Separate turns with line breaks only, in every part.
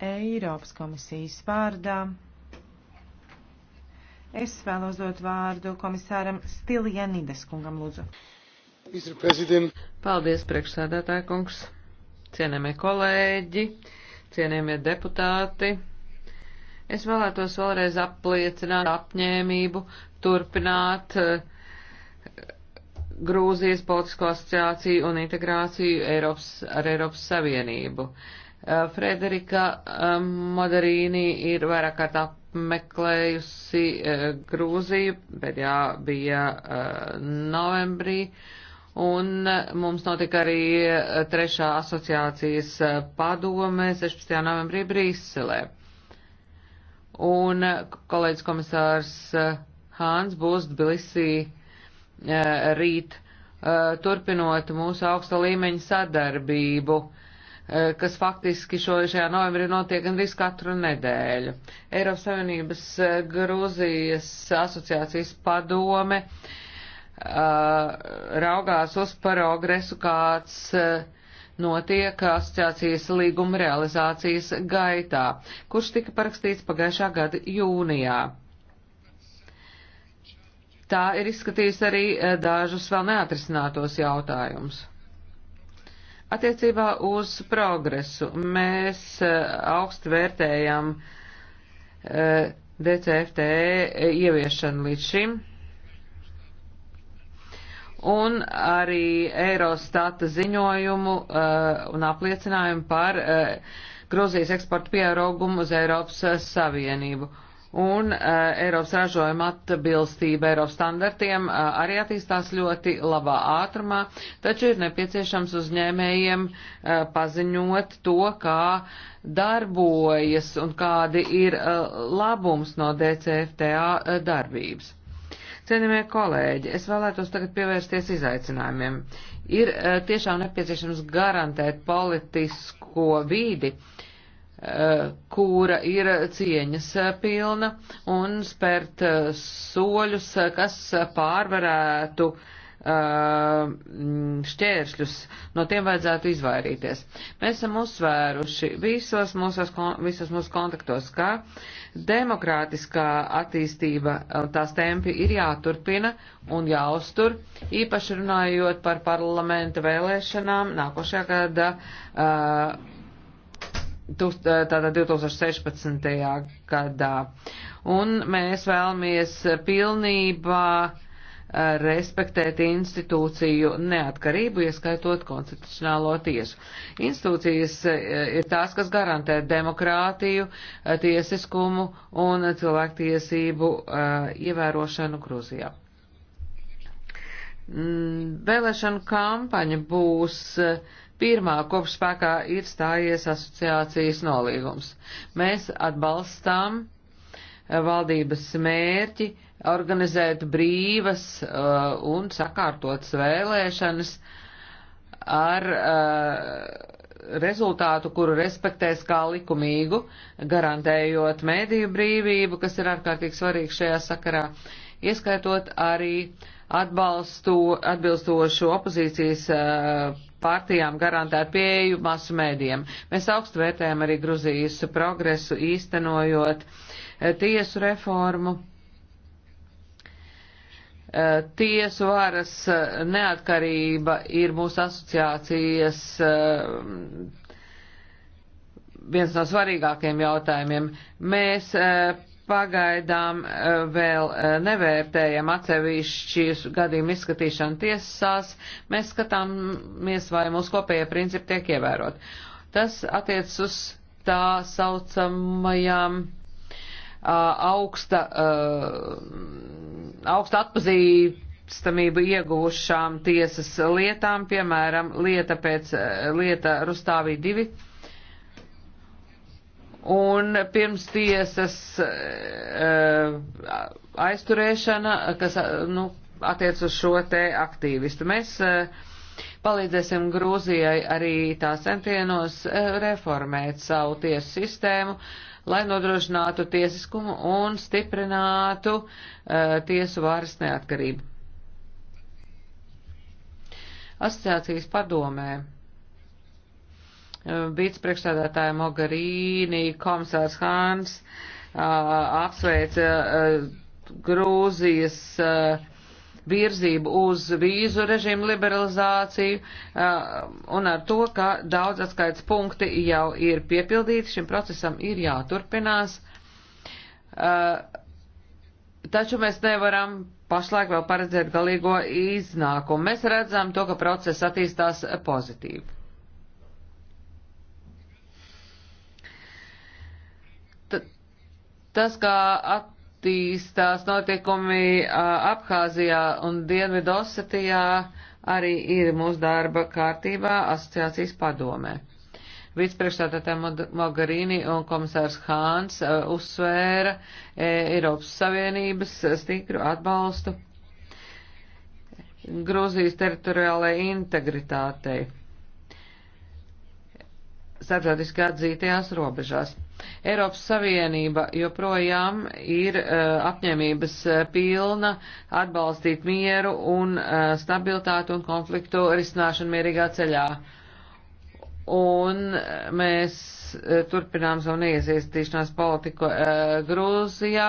Eiropas komisijas vārdā. Es vēlos dot vārdu komisāram Stilianides kungam, lūdzu.
Paldies, priekšsēdētāja kungs, cienējamie kolēģi, cienējamie deputāti. Es vēlētos vēlreiz apliecināt apņēmību turpināt uh, Grūzijas politisko asociāciju un integrāciju Eiropas, ar Eiropas Savienību. Uh, Eh, Frederika eh, Madarīni ir vairāk kārt apmeklējusi eh, Grūziju, pēdējā bija novembrī, un mums notika arī trešā asociācijas padome 16. novembrī Brīselē. Un kolēģis komisārs Hāns būs Tbilisī rīt, turpinot mūsu augsta līmeņa sadarbību. Uh, Eh, kas faktiski šo, šajā novembrī notiek gandrīz katru nedēļu. Eiropas Savienības eh, Grūzijas asociācijas padome eh, raugās uz progresu, kāds notiek asociācijas līguma realizācijas gaitā, kurš tika parakstīts pagājušā gada jūnijā. Tā ir izskatījusi arī dažus vēl neatrisinātos jautājumus. Attiecībā uz progresu mēs eh, augstu vērtējam eh, DCFTE ieviešanu līdz šim un arī Eirostata ziņojumu uh, un apliecinājumu par uh, Grūzijas eksporta pieaugumu uz Eiropas Savienību. Uh, un uh, Eiropas ražojuma atbilstība Eiropas standartiem uh, arī attīstās ļoti labā ātrumā, taču ir nepieciešams uzņēmējiem uh, paziņot to, kā darbojas un kādi ir uh, labums no DCFTA uh, darbības. Cienījamie kolēģi, es vēlētos tagad pievērsties izaicinājumiem. Ir uh, tiešām nepieciešams garantēt politisko vīdi, uh, kura ir cieņas pilna un spērt soļus, kas pārvarētu šķēršļus, no tiem vajadzētu izvairīties. Mēs esam uzsvēruši visos mūsos, visos mūsu kontaktos, ka demokrātiskā attīstība tās tempi ir jāturpina un jāuztur, īpaši runājot par parlamenta vēlēšanām nākošajā gada uh, tātad 2016. gadā. Un mēs vēlamies pilnībā eh, respektēt institūciju neatkarību, ieskaitot konstitucionālo tiesu. Institūcijas eh, ir tās, kas garantē demokrātiju, eh, tiesiskumu un cilvēktiesību ievērošanu Grūzijā. Mm, Vēlēšanu kampaņa būs uh, pirmā kopš spēkā ir stājies asociācijas nolīgums. Mēs atbalstām eh, valdības mērķi organizēt brīvas uh, un sakārtotas vēlēšanas ar uh, rezultātu, kuru respektēs kā likumīgu, garantējot mēdīju brīvību, kas ir ārkārtīgi svarīgi šajā sakarā, ieskaitot arī atbalstu, atbilstošu opozīcijas uh, partijām garantēt pieeju masu mēdiem. Mēs augstu vērtējam arī Gruzijas progresu īstenojot eh, tiesu reformu. Eh, tiesu varas eh, neatkarība ir mūsu asociācijas viens no svarīgākajiem jautājumiem. Mēs Pagaidām eh, vēl eh, nevērtējam atsevišķīs gadījumu izskatīšanu tiesās, mēs skatāmies, vai mūsu kopējie principi tiek ievērot. Tas attiec uz tā saucamajām eh, augsta, augsta atpazīstamību ieguvušām tiesas lietām, piemēram, lieta pēc lieta Rustāvī 2 un pirms tiesas e, aizturēšana, kas nu, attiec uz šo te aktīvistu. Mēs e, palīdzēsim Grūzijai arī tā centienos e, reformēt savu tiesu sistēmu, lai nodrošinātu tiesiskumu un stiprinātu uh, tiesu vāras neatkarību. Asociācijas padomē vicepriekšstādātāja Mogarīni, komisārs Hāns apsveica Grūzijas virzību uz vīzu režīmu liberalizāciju un ar to, ka daudz atskaits punkti jau ir piepildīti, šim procesam ir jāturpinās. Taču mēs nevaram pašlaik vēl paredzēt galīgo iznākumu. Mēs redzam to, ka process attīstās pozitīvi. Tas, kā attīstās notiekumi Abhāzijā un Dienvidosetijā, arī ir mūsu darba kārtībā asociācijas padomē. Vicepriekšstādātāja Mogherini un komisārs Hāns uzsvēra Eiropas Savienības stingru atbalstu Grūzijas teritoriālajai integritātei starptautiski atzītajās robežās. Eiropas Savienība joprojām ir uh, apņēmības eh, pilna atbalstīt mieru un uh, eh, stabilitātu un konfliktu risināšanu mierīgā ceļā. Un mēs uh, turpinām savu neiesaistīšanās politiku uh, Grūzijā.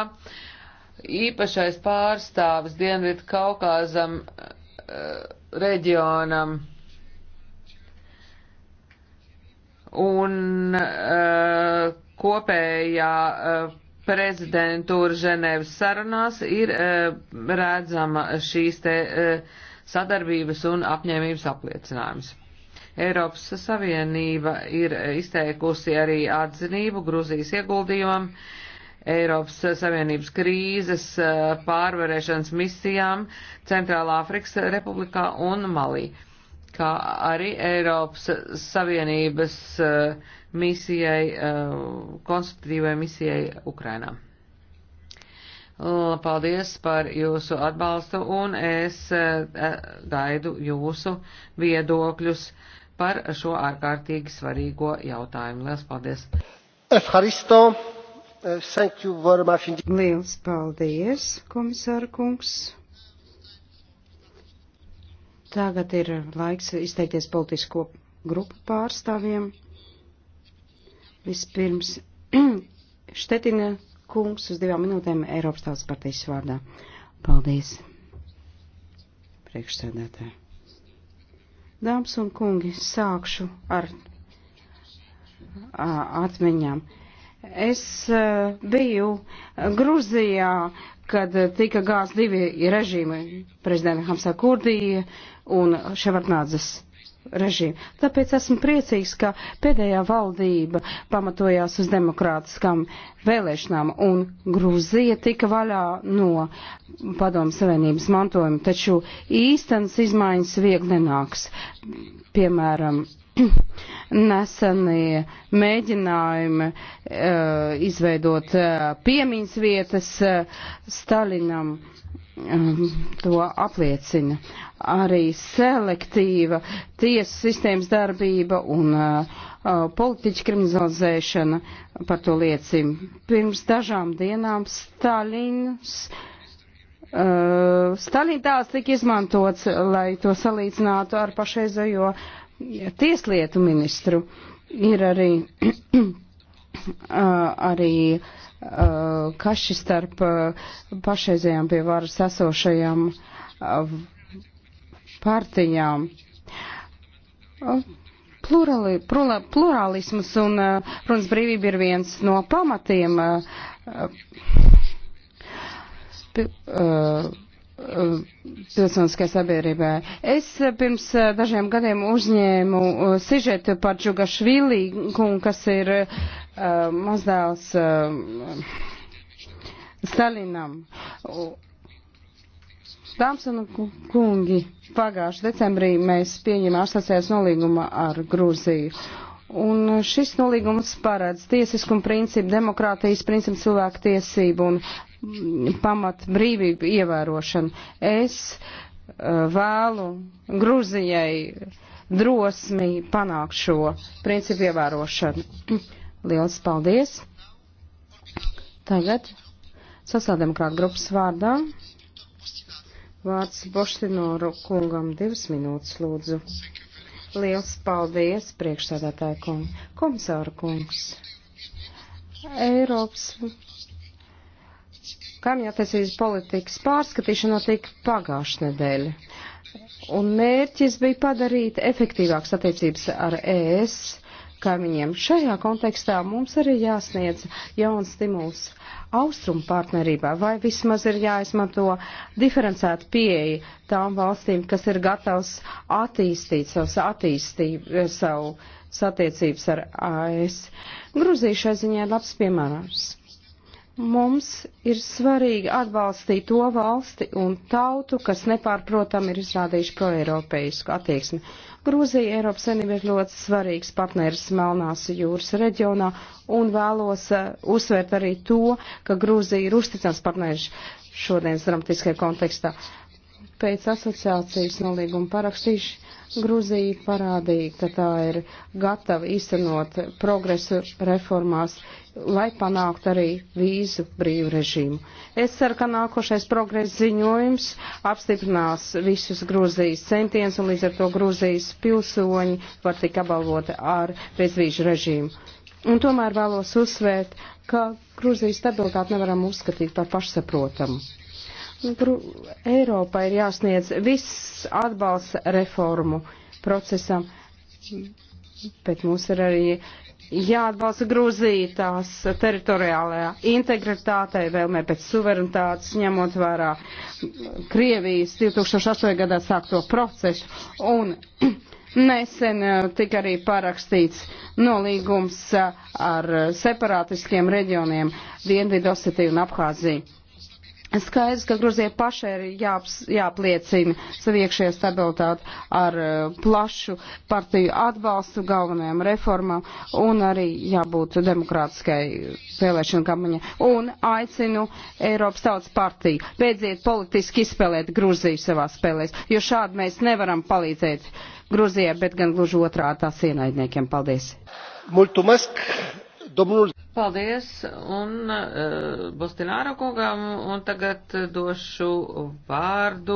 Īpašais pārstāvis Dienvidu Kaukāzam uh, reģionam. Un uh, kopējā eh, prezidentūra Ženēvas sarunās ir eh, redzama šīs te eh, sadarbības un apņēmības apliecinājums. Eiropas Savienība ir izteikusi arī atzinību Gruzijas ieguldījumam, Eiropas Savienības krīzes pārvarēšanas misijām Centrālā Afrikas Republikā un Malī, kā arī Eiropas Savienības uh, misijai, uh, konstruktīvai misijai Ukrainā. Paldies par jūsu atbalstu un es uh, uh, gaidu jūsu viedokļus par šo ārkārtīgi svarīgo jautājumu. Lielas
paldies! Efharisto, thank you very much. Lielas paldies, komisāra kungs. Tagad ir laiks izteikties politisko grupu pārstāvjiem. Vispirms Štetina kungs uz divām minūtēm Eiropas tautas partijas vārdā. Paldies, priekšsēdētāji. Dāmas un kungi, sākšu ar atmiņām. Es biju Gruzijā, kad tika gāz divi režīmi, prezidenta Hamsā Kurdija un Ševarnādzes režīmu. Tāpēc esmu priecīgs, ka pēdējā valdība pamatojās uz demokrātiskām vēlēšanām un Grūzija tika vaļā no padomu savienības mantojuma, taču īstenas izmaiņas viegli nenāks. Piemēram, nesenie mēģinājumi uh, izveidot uh, piemiņas vietas uh, Stalinam. Uh, Um, to apliecina. Arī selektīva tiesu sistēmas darbība un uh, uh politiķa kriminalizēšana par to liecina. Pirms dažām dienām Staļins, uh, Staļina tās tika izmantots, lai to salīdzinātu ar pašreizējo tieslietu ministru. Ir arī, uh, arī uh, Uh, kaši starp uh, pašreizējām pie varas esošajām uh, partijām. Plurali, plura, plurālisms un runas brīvība ir viens no pamatiem pilsoniskajai sabiedrībai. Es pirms dažiem gadiem uzņēmu sižetu par Džugašvili, kas ir uh, uh, mazdēls uh, Stalinam. Dāmas un kungi, pagājuši decembrī mēs pieņemam asociācijas nolīgumu ar Grūziju. Un šis nolīgums paredz tiesiskumu principu, demokrātijas principu, cilvēku tiesību un pamat brīvību ievērošanu. Es uh, vēlu Grūzijai drosmi panākt šo principu ievērošanu. Liels paldies! Tagad sociāldemokrāta grupas vārdā vārds Boštinoru kungam divas minūtes lūdzu. Liels paldies, priekšsēdētāja kungs, komisāra kungs. Eiropas kaimiņattiecības politikas pārskatīšana notika pagājušā nedēļa. Un mērķis bija padarīt efektīvākas attiecības ar ES kaimiņiem. Šajā kontekstā mums arī jāsniedz jauns stimuls austrumu partnerībā, vai vismaz ir jāizmanto diferencēta pieeja tām valstīm, kas ir gatavs attīstīt savus attīstību, eh, savu satiecības ar AS. Gruzija šai ziņā ir labs piemērs. Mums ir svarīgi atbalstīt to valsti un tautu, kas nepārprotam ir izrādījuši proeiropeisku attieksmi. Grūzija Eiropas Savienība ir ļoti svarīgs partneris Melnās jūras reģionā un vēlos uh, uzsvērt arī to, ka Grūzija ir uzticams partneris šodienas dramatiskajā kontekstā. Pēc asociācijas nolīguma parakstīšu Grūzija parādīja, ka tā ir gatava īstenot progresu reformās, lai panāktu arī vīzu brīvu režīmu. Es ceru, ka nākošais progresa ziņojums apstiprinās visus Grūzijas centienus un līdz ar to Grūzijas pilsoņi var tik apbalvoti ar bezvīžu režīmu. Un tomēr vēlos uzsvērt, ka Grūzijas stabilitāti nevaram uzskatīt par pašsaprotamu. Gru Eiropai ir jāsniedz viss atbalsts reformu procesam, bet mums ir arī jāatbalsta Grūzītās teritoriālajā integritātei, vēlmē pēc suverenitātes, ņemot vērā Krievijas 2008. gadā sākto procesu. Un nesen eh, tika arī parakstīts nolīgums eh, ar separātiskiem reģioniem Dienvidosetiju un Abhāziju. Skaidrs, ka Gruzija pašai ir jā, jāpliecina savu iekšējo stabilitāti ar uh, plašu partiju atbalstu galvenajām reformām un arī jābūt demokrātiskai vēlēšana kampaņai. Un aicinu Eiropas tautas partiju, beidziet politiski izspēlēt Gruziju savā spēlēs, jo šādi mēs nevaram palīdzēt Gruzijai, bet gan gluži otrā tās ienaidniekiem. Paldies! Multumask. Domnul... Paldies,
un uh, eh, Bostināro kungam, un tagad došu vārdu.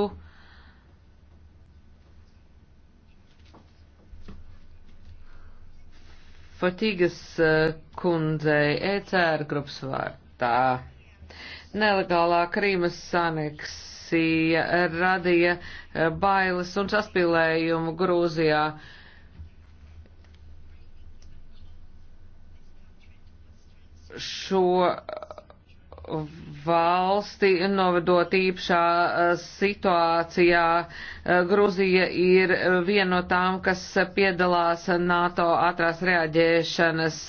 Fatīgas eh, kundzei ECR grupas vārtā. Nelegālā Krīmas aneksija radīja eh, bailes un saspīlējumu Grūzijā. Uh, šo valsti novedot īpašā eh, situācijā. Eh, Gruzija ir eh, viena no tām, kas piedalās NATO ātrās reaģēšanas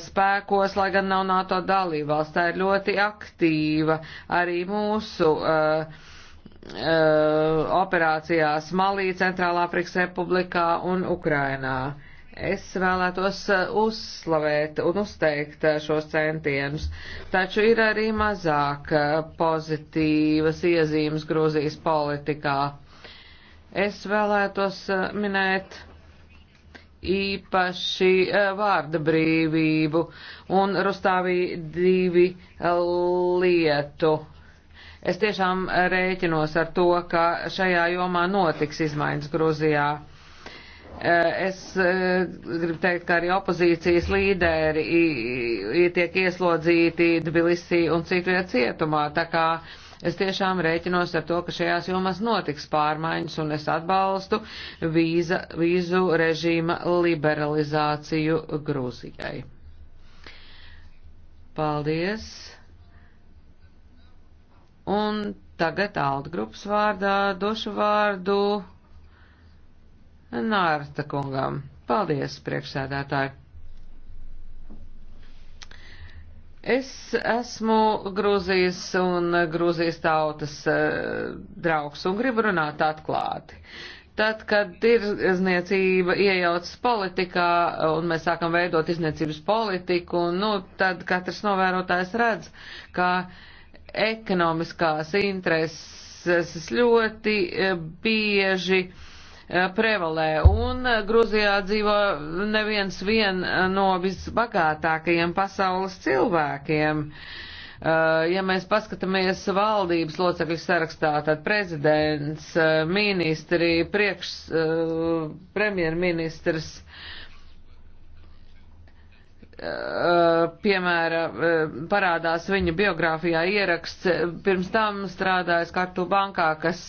spēkos, lai gan nav NATO dalībvalsts. Tā ir ļoti aktīva arī mūsu uh, operācijās Malī, Centrālā Afrikas Republikā un Ukrainā. Es vēlētos eh, uzslavēt un uzteikt eh, šos centienus, taču ir arī mazāk eh, pozitīvas iezīmes Grūzijas politikā. Es vēlētos minēt īpaši vārda brīvību un Rustāvī divi lietu. Es tiešām rēķinos ar to, ka šajā jomā notiks izmaiņas Grūzijā. Eh, es eh, gribu teikt, ka arī opozīcijas līderi tiek ieslodzīti Tbilisī un citviet cietumā, tā kā es tiešām rēķinos ar to, ka šajās jomās notiks pārmaiņas un es atbalstu vīza, vīzu režīma liberalizāciju Grūzijai. Paldies! Un tagad Alda grupas vārdā došu vārdu. Nārta kungam. Paldies, priekšsēdētāji. Es esmu Grūzijas un Grūzijas tautas e, draugs un gribu runāt atklāti. Tad, kad tirzniecība iejaucas politikā un mēs sākam veidot tirzniecības politiku, nu, tad katrs novērotājs redz, ka ekonomiskās intereses ļoti e, bieži uh, Eh, prevalē, un eh, Gruzijā dzīvo neviens vien eh, no visbagātākajiem pasaules cilvēkiem. Ja mēs paskatāmies valdības locekļu sarakstā, tad prezidents, ministri, priekš, premjerministrs, piemēram, parādās viņa biogrāfijā ieraksts, pirms tam strādājis kartu bankā, kas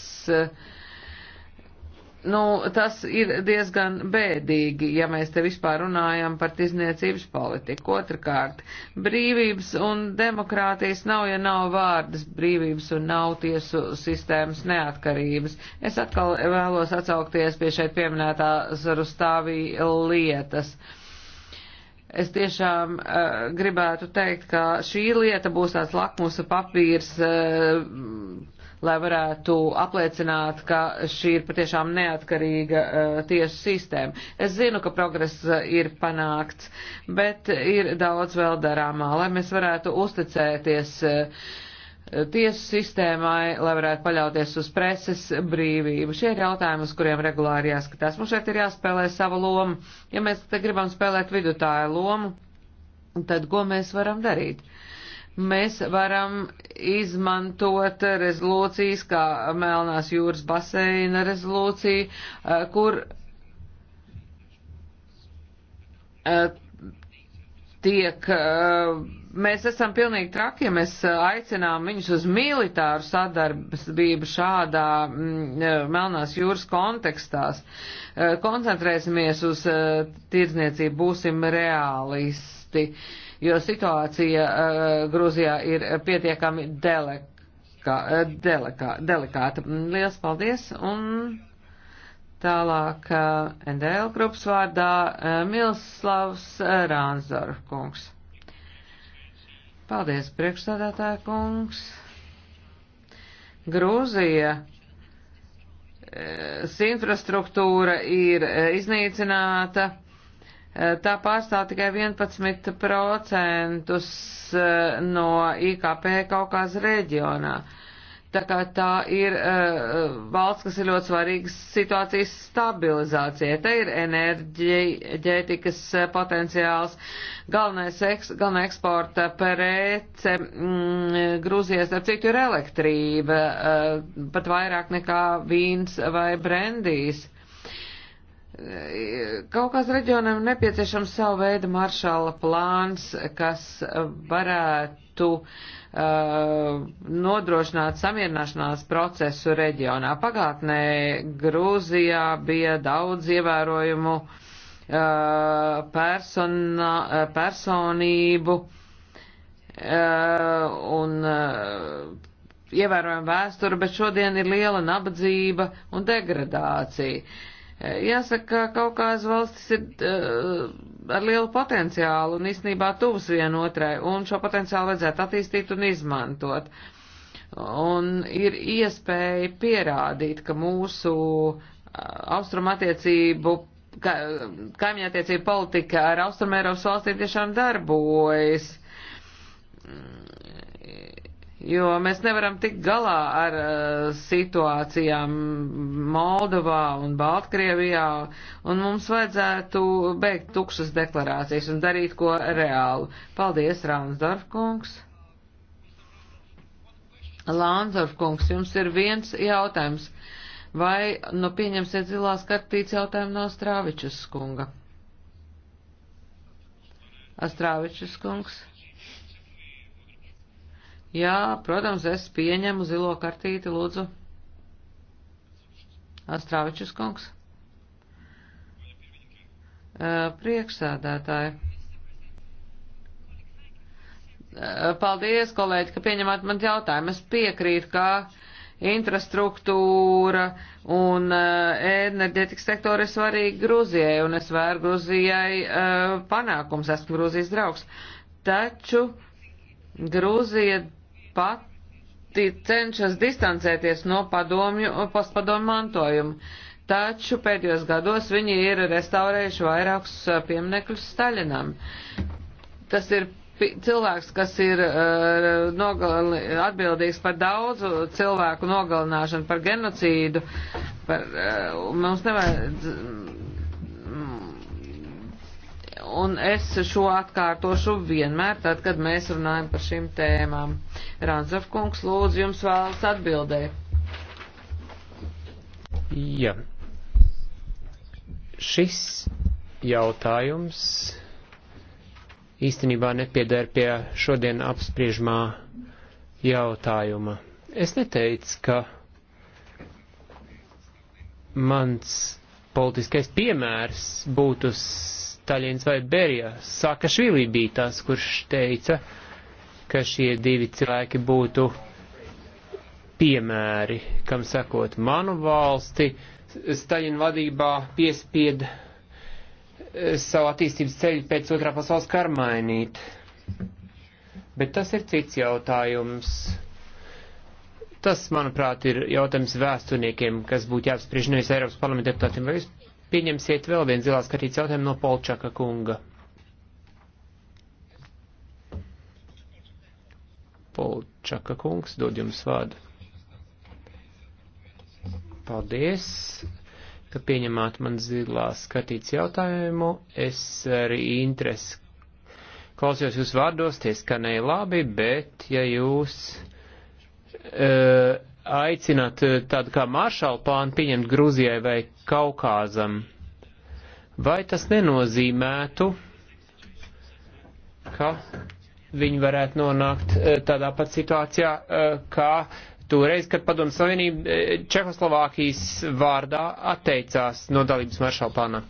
Nu, tas ir diezgan bēdīgi, ja mēs te vispār runājam par tizniecības politiku. Otrakārt, brīvības un demokrātijas nav, ja nav vārdas brīvības un nav tiesu sistēmas neatkarības. Es atkal vēlos atsaukties pie šeit pieminētā Zarustāvī lietas. Es tiešām uh, gribētu teikt, ka šī lieta būs tāds lakmusa papīrs. Uh, lai varētu apliecināt, ka šī ir patiešām neatkarīga uh, tiesu sistēma. Es zinu, ka progress eh, ir panākts, bet ir daudz vēl darāmā, lai mēs varētu uzticēties uh, tiesu sistēmai, lai varētu paļauties uz preses brīvību. Šie ir jautājumi, uz kuriem regulāri jāskatās. Mums šeit ir jāspēlē sava loma. Ja mēs te gribam spēlēt vidutāju lomu, tad ko mēs varam darīt? Uh, mēs varam izmantot rezolūcijas, kā Melnās jūras baseina rezolūcija, eh, kur eh, tiek uh, mēs esam pilnīgi traki, ja mēs eh, aicinām viņus uz militāru sadarbību šādā mm, eh, Melnās jūras kontekstās. Eh, koncentrēsimies uz tirdzniecību, būsim realisti, jo situācija Grūzijā ir pietiekami deleka, deleka, delikāta. Liels paldies! Un... Tālāk NDL grupas vārdā Milslavs Rānsdorf kungs. Paldies, priekšstādātāja kungs. Grūzija e, infrastruktūra ir e, iznīcināta. E, tā pārstāv tikai 11% no IKP Kaukās reģionā. Tā kā tā ir uh, valsts, kas ir ļoti svarīgas situācijas stabilizācija. Te ir enerģētikas eh, potenciāls, galvenais eks, galvenā eksporta prece mm, Grūzijas, ar citu ir elektrība, uh, pat vairāk nekā vīns vai brendīs. Kaut kāds reģionam nepieciešams savu veidu maršala plāns, kas varētu uh, Uh, nodrošināt samierināšanās procesu reģionā. Pagātnē Grūzijā bija daudz ievērojumu uh, persona, uh, personību un ievērojama vēstura, bet šodien ir liela nabadzība un degradācija. Jāsaka, ka Kaukāzu valstis ir uh, ar lielu potenciālu un īstenībā tuvs vienotrai, un šo potenciālu vajadzētu attīstīt un izmantot. Un ir iespēja pierādīt, ka mūsu uh, eh, austrumattiecību, ka, kaimiņattiecību politika ar austrumēropas valstīm tiešām darbojas. Mm jo mēs nevaram tikt galā ar uh, situācijām Moldovā un Baltkrievijā, un mums vajadzētu beigt tukšas deklarācijas un darīt ko reālu. Paldies, Raunsdorf kungs! Lānsdorf kungs, jums ir viens jautājums. Vai, nu, pieņemsiet zilās kartītes jautājumu no Strāvičas kunga? Astrāvičas kungs. Jā, protams, es pieņemu zilo kartīti, lūdzu. Astrāvičus kungs. Priekšsēdētāji. Paldies, kolēģi, ka pieņemat man jautājumu. Es piekrītu, ka infrastruktūra un enerģetikas sektori ir svarīgi Gruzijai, un es vēru Gruzijai panākums, esmu Gruzijas draugs. Taču Grūzija pati cenšas distancēties no padomju, postpadomju mantojuma, taču pēdējos gados viņi ir restaurējuši vairākus pieminekļus Staļinam. Tas ir cilvēks, kas ir uh, nogali, atbildīgs par daudzu cilvēku nogalināšanu, par genocīdu, par, uh, mums nevajadz. Un es šo atkārtošu vienmēr, tad, kad mēs runājam par šīm tēmām. Rādzavkungs, lūdzu, jums vēlas atbildēt.
Jā. Šis jautājums īstenībā nepiedēr pie šodien apspriežamā jautājuma. Es neteicu, ka mans politiskais piemērs būtu Staļins vai Berija. Sākašvili bija tas, kurš teica, uh, ka šie divi cilvēki būtu piemēri, kam sakot, manu valsti Staļina vadībā piespied eh, savu attīstības ceļu pēc otrā pasaules kara mainīt. Bet tas ir cits jautājums. Tas, manuprāt, ir jautājums vēsturniekiem, kas būtu jāapspriež nevis Eiropas parlamenta deputātiem. Vai jūs pieņemsiet vēl vienu zilās kartītes jautājumu no Polčaka kunga? Polčaka kungs, dod jums vārdu. Paldies, ka pieņemāt man zilā skatīts jautājumu. Es arī interesi klausījos jūs vārdos, tie skanēja labi, bet ja jūs uh, aicināt e, tādu kā maršalu plānu pieņemt Grūzijai vai Kaukāzam, vai tas nenozīmētu, ka viņi varētu nonākt eh, tādā pat situācijā, eh, kā toreiz, kad Padomu Savienība eh, Čehoslovākijas vārdā atteicās no dalības maršala plānā.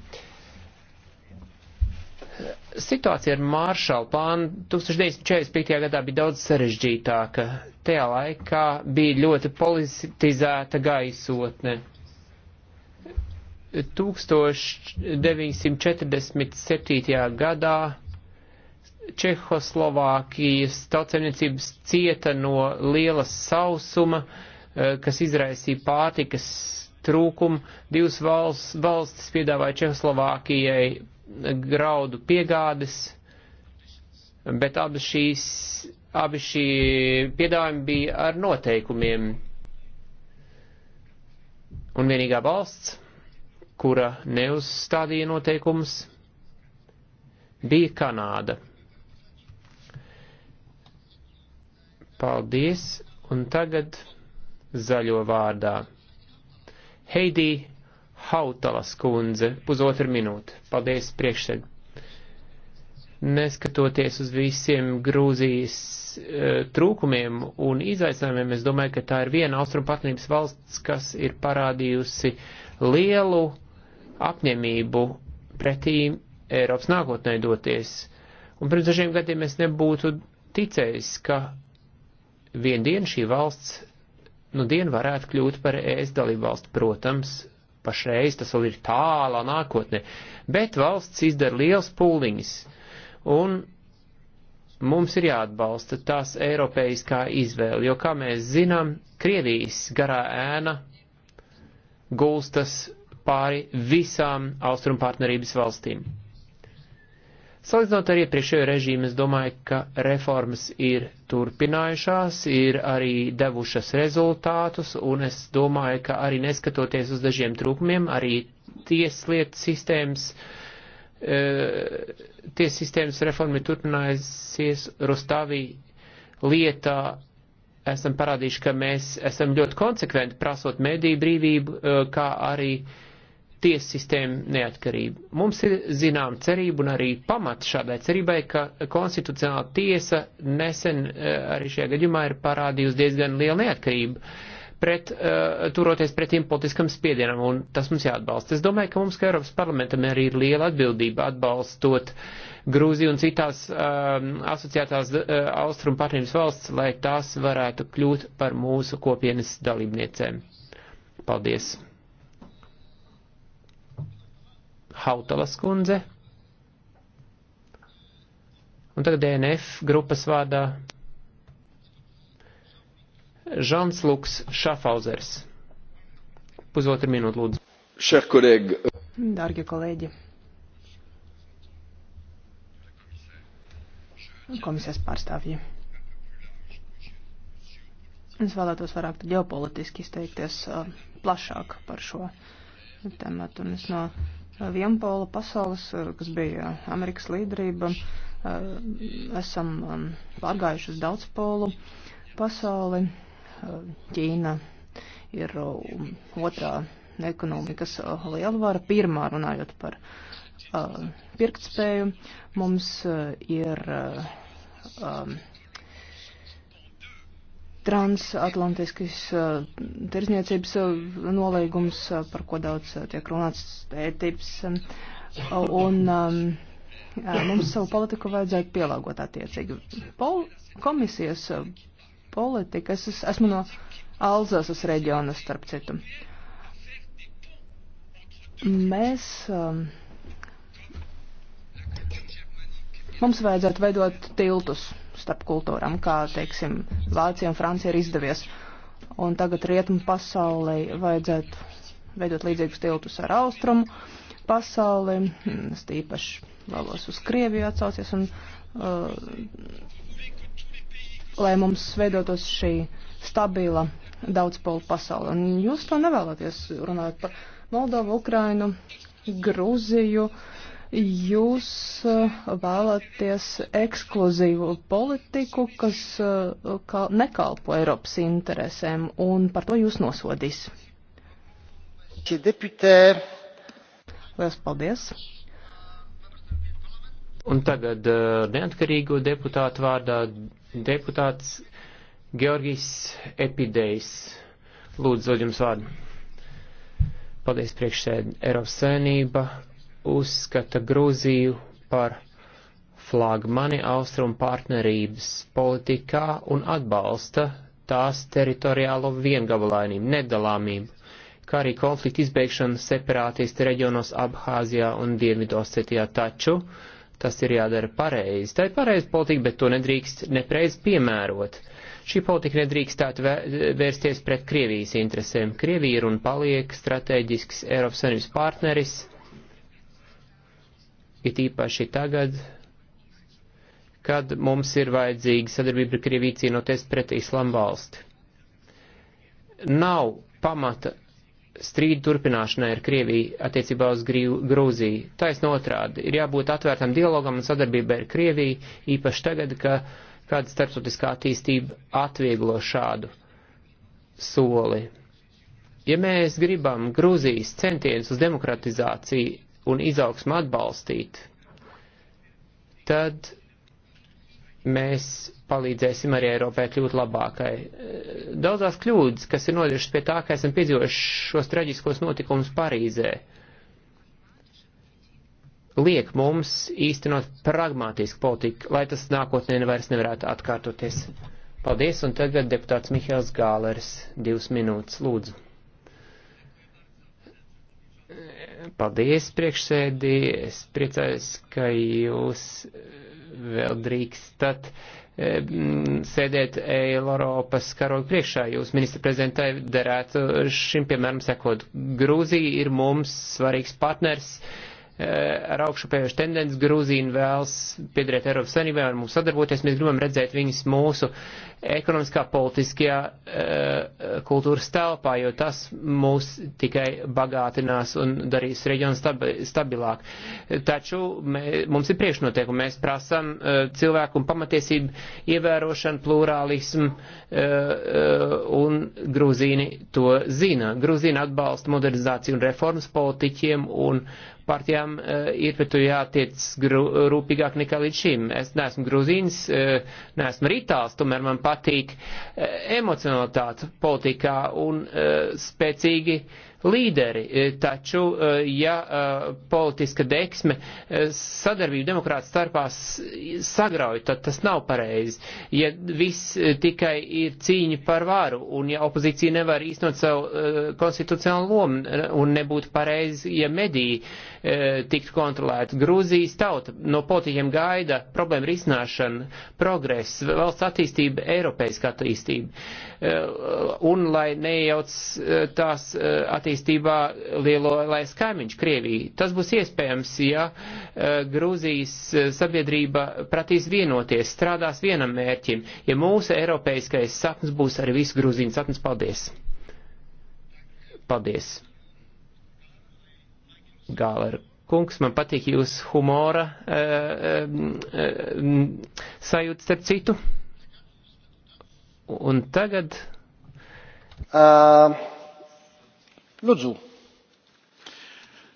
Situācija ar maršala plānu 1945. gadā bija daudz sarežģītāka. Tajā laikā bija ļoti politizēta gaisotne. 1947. gadā Čehoslovākijas tautsēmniecības cieta no lielas sausuma, eh, kas izraisīja pārtikas trūkumu. Divas valsts, valstis piedāvāja Čehoslovākijai eh, graudu piegādes, bet abas šīs, abi šī piedāvājumi bija ar noteikumiem. Un vienīgā valsts, kura neuzstādīja noteikumus, bija Kanāda. Paldies, un tagad zaļo vārdā. Heidī Hautalas kundze, pusotra minūte. Paldies, priekšsēd. Neskatoties uz visiem Grūzijas e, trūkumiem un izaicinājumiem, es domāju, ka tā ir viena austrumpatnības valsts, kas ir parādījusi lielu apņemību pretī Eiropas nākotnē doties. Un pirms dažiem gadiem es nebūtu ticējis, ka vien dienu šī valsts, nu dienu varētu kļūt par ES dalību valsti, protams, pašreiz tas vēl ir tālā nākotnē, bet valsts izdara liels pūliņas, un mums ir jāatbalsta tās eiropeiskā izvēle, jo, kā mēs zinām, Krievijas garā ēna gulstas pāri visām austrumpārtnerības valstīm. Salīdzinot ar iepriekšējo režīmu, es domāju, ka reformas ir turpinājušās, ir arī devušas rezultātus, un es domāju, ka arī neskatoties uz dažiem trūkumiem, arī tieslietu sistēmas uh, e, tiesa sistēmas reforma ir turpinājusies Rostāvī lietā. Esam parādījuši, ka mēs esam ļoti konsekventi prasot mediju brīvību, e, kā arī uh, tiesu sistēmu neatkarību. Mums ir zinām cerība un arī pamats šādai cerībai, ka konstitucionāla tiesa nesen eh, arī šajā gadījumā ir parādījusi diezgan lielu neatkarību pret, uh, turoties pretim politiskam spiedienam, un tas mums jāatbalsta. Es domāju, ka mums, kā Eiropas parlamentam, arī ir liela atbildība atbalstot Grūziju un citās um, uh, asociētās uh, austrumu partnerības valsts, lai tās varētu kļūt par mūsu kopienas dalībniecēm. Paldies! Hautalas kundze. Un tagad DNF grupas vārdā Žants Luks Šafauzers. Pusotru minūtu lūdzu. Šer kolēģi.
Dargie kolēģi. Komisijas pārstāvji. Es vēlētos vairāk ģeopolitiski izteikties uh, plašāk par šo tematu. Un es no uh, vienpola pasaules, kas bija Amerikas līderība, esam pārgājuši uz daudzpolu pasauli. Ķīna ir otrā ekonomikas lielvara, pirmā runājot par pirktspēju. Mums ir transatlantiskas eh, tirzniecības eh, nolīgums, eh, par ko daudz tiek runāts tētips, un mums savu politiku vajadzētu pielāgot attiecīgi. Pol komisijas politikas, es esmu no Alzasas reģiona, starp citu. Mēs, mums vajadzētu veidot tiltus starp kultūram, kā, teiksim, Vācija un Francija ir izdevies. Un tagad rietumu pasaulē vajadzētu veidot līdzīgus tiltus ar austrumu pasauli. Mm, es tīpaši vēlos uz Krieviju atsaucies un, uh, lai mums veidotos šī stabila daudzpolu pasauli. Un jūs to nevēlaties runāt par Moldovu, Ukrainu, Gruziju. Uh, jūs eh, vēlaties ekskluzīvu politiku, kas eh, nekalpo Eiropas interesēm, un par to jūs nosodīs. Lielas paldies!
Un tagad eh, neatkarīgo deputātu vārdā deputāts Georgijs Epidejs. Lūdzu, dod jums vārdu. Paldies priekšsēd Eiropas sēnība uzskata Grūziju par flagmani austrumu partnerības politikā un atbalsta tās teritoriālo viengabalainību, nedalāmību, kā arī konflikta izbeigšanu separātisti reģionos Abhāzijā un Dienvidosetijā. Taču tas ir jādara pareizi. Tā ir pareiza politika, bet to nedrīkst nepreiz piemērot. Šī politika nedrīkstētu vērsties pret Krievijas interesēm. Krievija ir un paliek strateģisks Eiropas Savienības partneris it īpaši tagad, kad mums ir vajadzīga sadarbība ar Krieviju cīnoties pret islamu valsti. Nav pamata strīdu turpināšanai ar Krieviju attiecībā uz Grūziju. Taisn otrādi, ir jābūt atvērtam dialogam un sadarbībai ar Krieviju, īpaši tagad, ka kāda starptautiskā attīstība atvieglo šādu soli. Ja mēs gribam Grūzijas centienus uz demokratizāciju un izaugsmu atbalstīt, tad mēs palīdzēsim arī Eiropai kļūt labākai. Daudzās kļūdas, kas ir nodarījušas pie tā, ka esam piedzīvojuši šos traģiskos notikumus Parīzē, liek mums īstenot pragmātisku politiku, lai tas nākotnē vairs nevarētu atkārtoties. Paldies, un tagad deputāts Mihails Gālers, divas minūtes, lūdzu. Paldies, priekšsēdī. Es priecājos, ka jūs eh, vēl drīkstat eh, sēdēt Eiropas karogu priekšā. Jūs, ministra prezidentai, derētu šim piemēram sekot. Grūzija ir mums svarīgs partners eh, ar augšu pējušu tendenci Grūzīna vēlas piedarēt Eiropas Savienībai un mums sadarboties. Mēs gribam redzēt viņus mūsu ekonomiskā, politiskajā eh, kultūras telpā, jo tas mūs tikai bagātinās un darīs reģionu stabilāk. Taču mums ir priekšnotiekumi, mēs prasam eh, cilvēku un pamatiesību ievērošanu, plurālismu, eh, un Grūzīni to zina. Grūzīna atbalsta modernizāciju un reformas politiķiem un partijām uh, ir pret to jātiec grū, rūpīgāk nekā līdz šim. Es neesmu grūzīns, uh, neesmu arī tāls, tomēr man patīk eh, emocionalitāte politikā un eh, spēcīgi uh, līderi, e, taču, e, ja e, politiska deksme sadarbību demokrātu starpā sagrauj, tad tas nav pareizi. Ja viss tikai ir cīņa par varu, un ja opozīcija nevar īstenot savu konstitucionālu lomu, un nebūtu pareizi, ja mediji tiktu kontrolēti. Grūzijas tauta no politiķiem gaida problēmu risināšanu, progresu, valsts attīstību, eiropeiska attīstību. Un lai nejauc tās attīstības attīstībā lielolais kaimiņš Krievija. Tas būs iespējams, ja eh, Grūzijas eh, sabiedrība pratīs vienoties, strādās vienam mērķim, ja mūsu eiropeiskais sapnis būs arī visu Grūzīnu sapnis. Paldies! Paldies! Gāler kungs, man patīk jūs humora uh, uh, sajūta starp citu. Un tagad.
Uh. Lūdzu.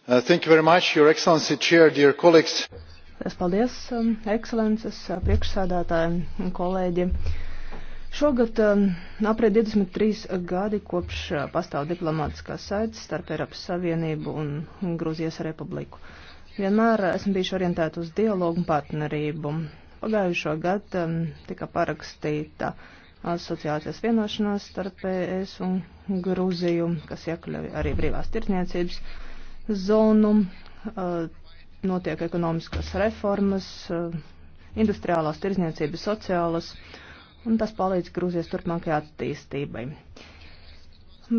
Uh, thank you very much, Your Excellency, Chair, dear colleagues.
Es paldies, um, ekscelences, uh, priekšsādātāji, kolēģi. Šogad um, apred 23 gadi kopš uh, pastāv diplomātiskās saites starp Eiropas Savienību un Grūzijas Republiku. Vienmēr esmu bijuši orientēta uz dialogu un partnerību. Pagājušo gadu um, tika parakstīta uh, asociācijas vienošanos starp ES un Grūziju, kas iekļauj arī brīvās tirtniecības zonu, notiek ekonomiskas reformas, industriālās tirtniecības sociālas, un tas palīdz Grūzijas turpmākajā attīstībai.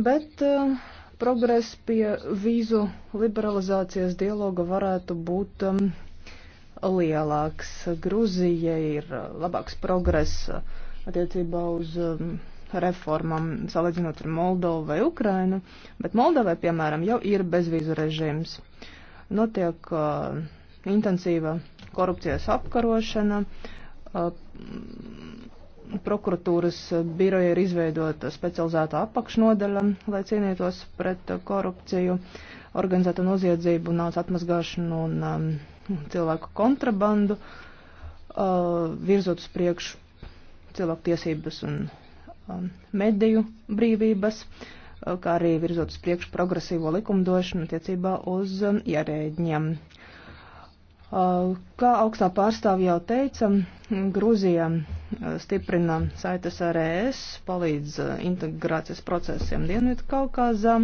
Bet progress pie vīzu liberalizācijas dialoga varētu būt lielāks. Grūzijai ir labāks progress attiecībā uz um, reformām, salīdzinot ar Moldovu vai Ukrainu, bet Moldovai, piemēram, jau ir bezvīzu režīms. Notiek uh, intensīva korupcijas apkarošana, uh, prokuratūras biroja ir izveidota specializēta apakšnodaļa, lai cīnītos pret korupciju, organizēta noziedzību, naudas atmazgāšanu un um, cilvēku kontrabandu, uh, virzot uz priekšu cilvēktiesības un um, mediju brīvības, uh, kā arī virzot uz priekšu progresīvo likumdošanu attiecībā uz um, ierēģiem. Uh, kā augstā pārstāvja jau teica, Grūzija uh, stiprina saites ar ES, palīdz integrācijas procesiem Dienvidu Kaukāzā.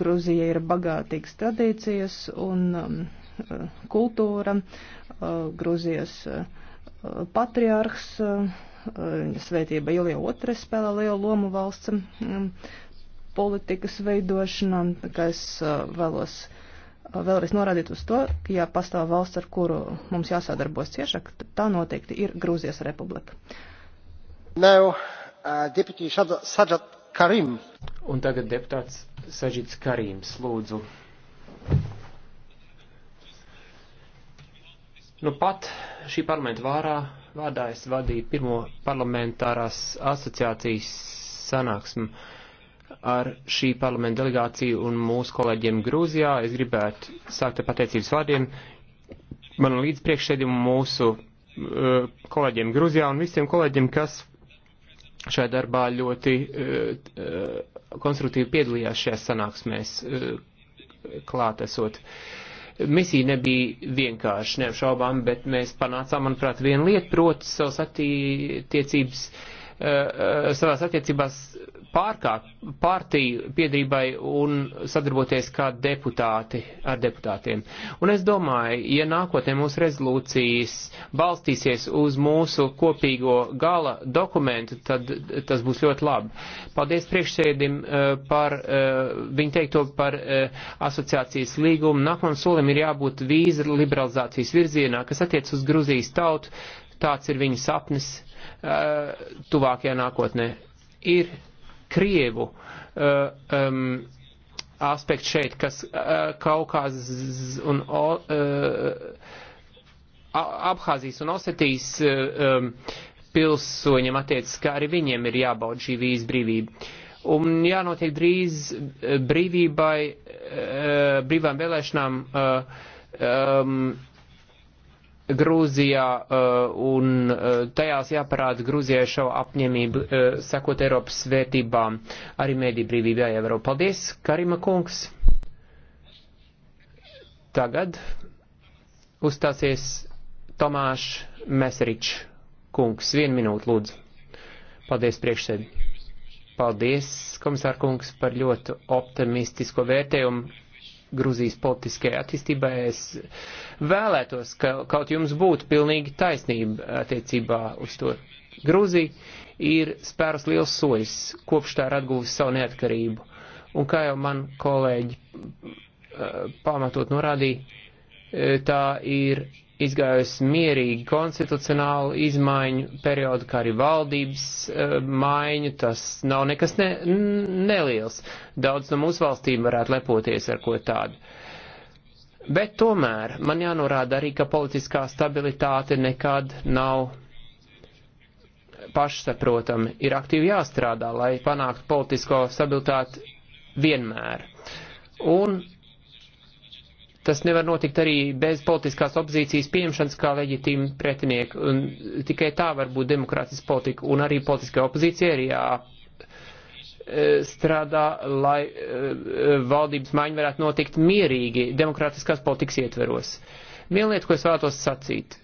Grūzija ir bagātīgas tradīcijas un um, kultūra. Grūzijas uh, patriārhs, eh, svētība Ilija II spēlē lielu lomu valsts mm, politikas veidošanā, kā es eh, vēlos eh, vēlreiz norādīt uz to, ka ja pastāv valsts, ar kuru mums jāsadarbos ciešāk, tā noteikti ir Grūzijas republika.
Now, uh, Sajat Karim. Un tagad deputāts Sažits Karims, lūdzu. Nu pat šī parlamenta vārā, vārdā es vadīju pirmo parlamentārās asociācijas sanāksmu ar šī parlamenta delegāciju un mūsu kolēģiem Grūzijā. Es gribētu sākt ar pateicības vārdiem man līdz priekšsēdim mūsu uh, kolēģiem Grūzijā un visiem kolēģiem, kas šajā darbā ļoti uh, uh, konstruktīvi piedalījās šajās sanāksmēs eh, klātesot. Uh, Misija nebija vienkārši, neapšaubām, bet mēs panācām, manuprāt, vienu lietu, proti savas attiecības, uh, eh, eh, savās attiecībās pārkāpt partiju piedrībai un sadarboties kā deputāti ar deputātiem. Un es domāju, ja nākotnē mūsu rezolūcijas balstīsies uz mūsu kopīgo gala dokumentu, tad tas būs ļoti labi. Paldies priekšsēdim eh, par eh, viņu teikto par eh, asociācijas līgumu. Nākamam solim ir jābūt vīza liberalizācijas virzienā, kas attiec uz Gruzijas tautu. Tāds ir viņa sapnis tuvākajā nākotnē. Ir Krievu uh, um, aspekts šeit, kas uh, Kaukazes un uh, Abhāzijas un Osetijas uh, um, pilsoņiem attiecas, ka arī viņiem ir jābauda šī vīz brīvība. Un jānotiek drīz uh, brīvībai, uh, brīvām vēlēšanām. Uh, um, Grūzijā uh, un uh, tajās jāparāda Grūzijai šo apņemību, uh, sakot Eiropas vērtībām, arī mēdī brīvībā jāievēro. Paldies, Karima kungs. Tagad uzstāsies Tomāš Meserič kungs. Vienu minūtu lūdzu. Paldies priekšsēdi. Paldies, komisār kungs, par ļoti optimistisko vērtējumu Gruzijas politiskajai attīstībai. Es vēlētos, ka kaut jums būtu pilnīgi taisnība attiecībā uz to. Gruzija ir spērus liels soļus, kopš tā ir atguvusi savu neatkarību. Un kā jau man kolēģi eh, pamatot norādīja, eh, tā ir izgājusi mierīgi konstitucionālu izmaiņu periodu, kā arī valdības uh, maiņu. Tas nav nekas ne, neliels. Daudz no mūsu valstīm varētu lepoties ar ko tādu. Bet tomēr man jānorāda arī, ka politiskā stabilitāte nekad nav pašsaprotami. Ir aktīvi jāstrādā, lai panāktu politisko stabilitāti vienmēr. Un tas nevar notikt arī bez politiskās opozīcijas pieņemšanas kā leģitīma pretinieka. Un tikai tā var būt demokrātiska politika. Un arī politiskā opozīcija ir jā e, strādā, lai e, valdības maiņa varētu notikt mierīgi demokrātiskās politikas ietveros. Viena lieta, ko es vēlētos sacīt.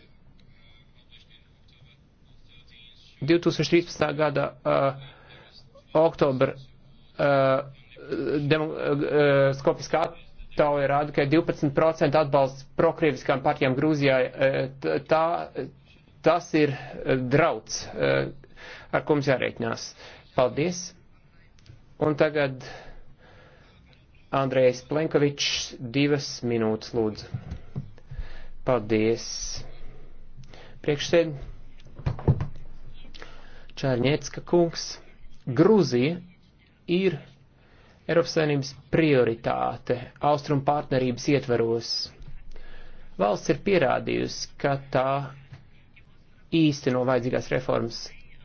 2013. gada uh, oktobra uh, demo, uh, skopiskā aptauja rāda, ka 12% atbalsts prokrieviskām partijām Grūzijā. E, tā, tas ir e, drauds, e, ar ko mums jārēķinās. Paldies! Un tagad Andrejs Plenkovičs divas minūtes lūdzu. Paldies! Priekšsēd Čārņiecka kungs. Grūzija ir Eiropas Savienības prioritāte austrumu partnerības ietveros. Valsts ir pierādījusi, ka tā īsteno vajadzīgās reformas.